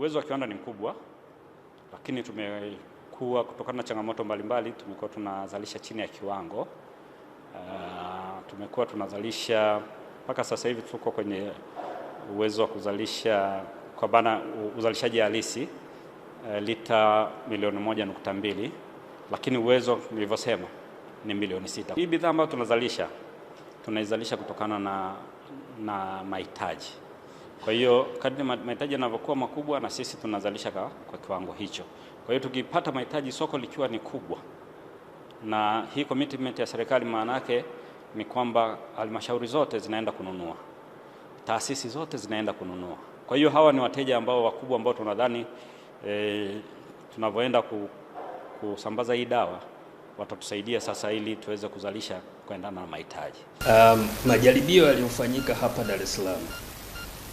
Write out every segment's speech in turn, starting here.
Uwezo wa kiwanda ni mkubwa, lakini tumekuwa kutokana na changamoto mbalimbali, tumekuwa tunazalisha chini ya kiwango. Uh, tumekuwa tunazalisha mpaka sasa hivi tuko kwenye uwezo wa kuzalisha kwa bana uzalishaji halisi uh, lita milioni moja nukta mbili lakini uwezo nilivyosema ni milioni sita. Hii bidhaa ambayo tunazalisha tunaizalisha kutokana na, na mahitaji kwa hiyo kadri mahitaji yanavyokuwa makubwa na sisi tunazalisha kwa, kwa kiwango hicho. Kwa hiyo tukipata mahitaji soko likiwa ni kubwa, na hii commitment ya serikali maana yake ni kwamba halmashauri zote zinaenda kununua, taasisi zote zinaenda kununua. Kwa hiyo hawa ni wateja ambao wakubwa ambao tunadhani e, tunavyoenda ku, kusambaza hii dawa watatusaidia sasa ili tuweze kuzalisha kuendana na mahitaji. Um, majaribio yaliyofanyika hapa Dar es Salaam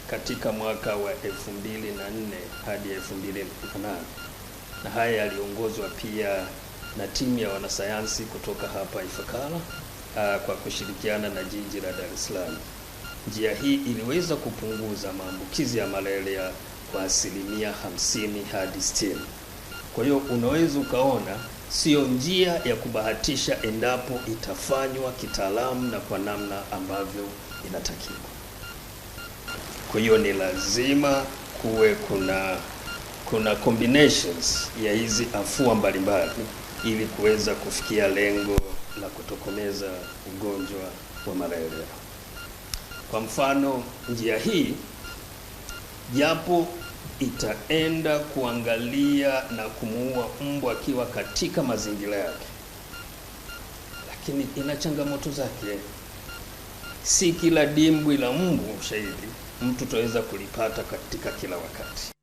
katika mwaka wa 2004 hadi 2008 na haya yaliongozwa pia na timu ya wanasayansi kutoka hapa Ifakara ah, kwa kushirikiana na jiji la Dar es Salaam. Njia hii iliweza kupunguza maambukizi ya malaria kwa asilimia 50 hadi 60. Kwa hiyo unaweza ukaona siyo njia ya kubahatisha endapo itafanywa kitaalamu na kwa namna ambavyo inatakiwa. Kwa hiyo ni lazima kuwe kuna kuna combinations ya hizi afua mbalimbali ili kuweza kufikia lengo la kutokomeza ugonjwa wa malaria. Kwa mfano, njia hii japo itaenda kuangalia na kumuua mbu akiwa katika mazingira yake, lakini ina changamoto zake si kila dimbwi la mbu ushahidi mtu utaweza kulipata katika kila wakati.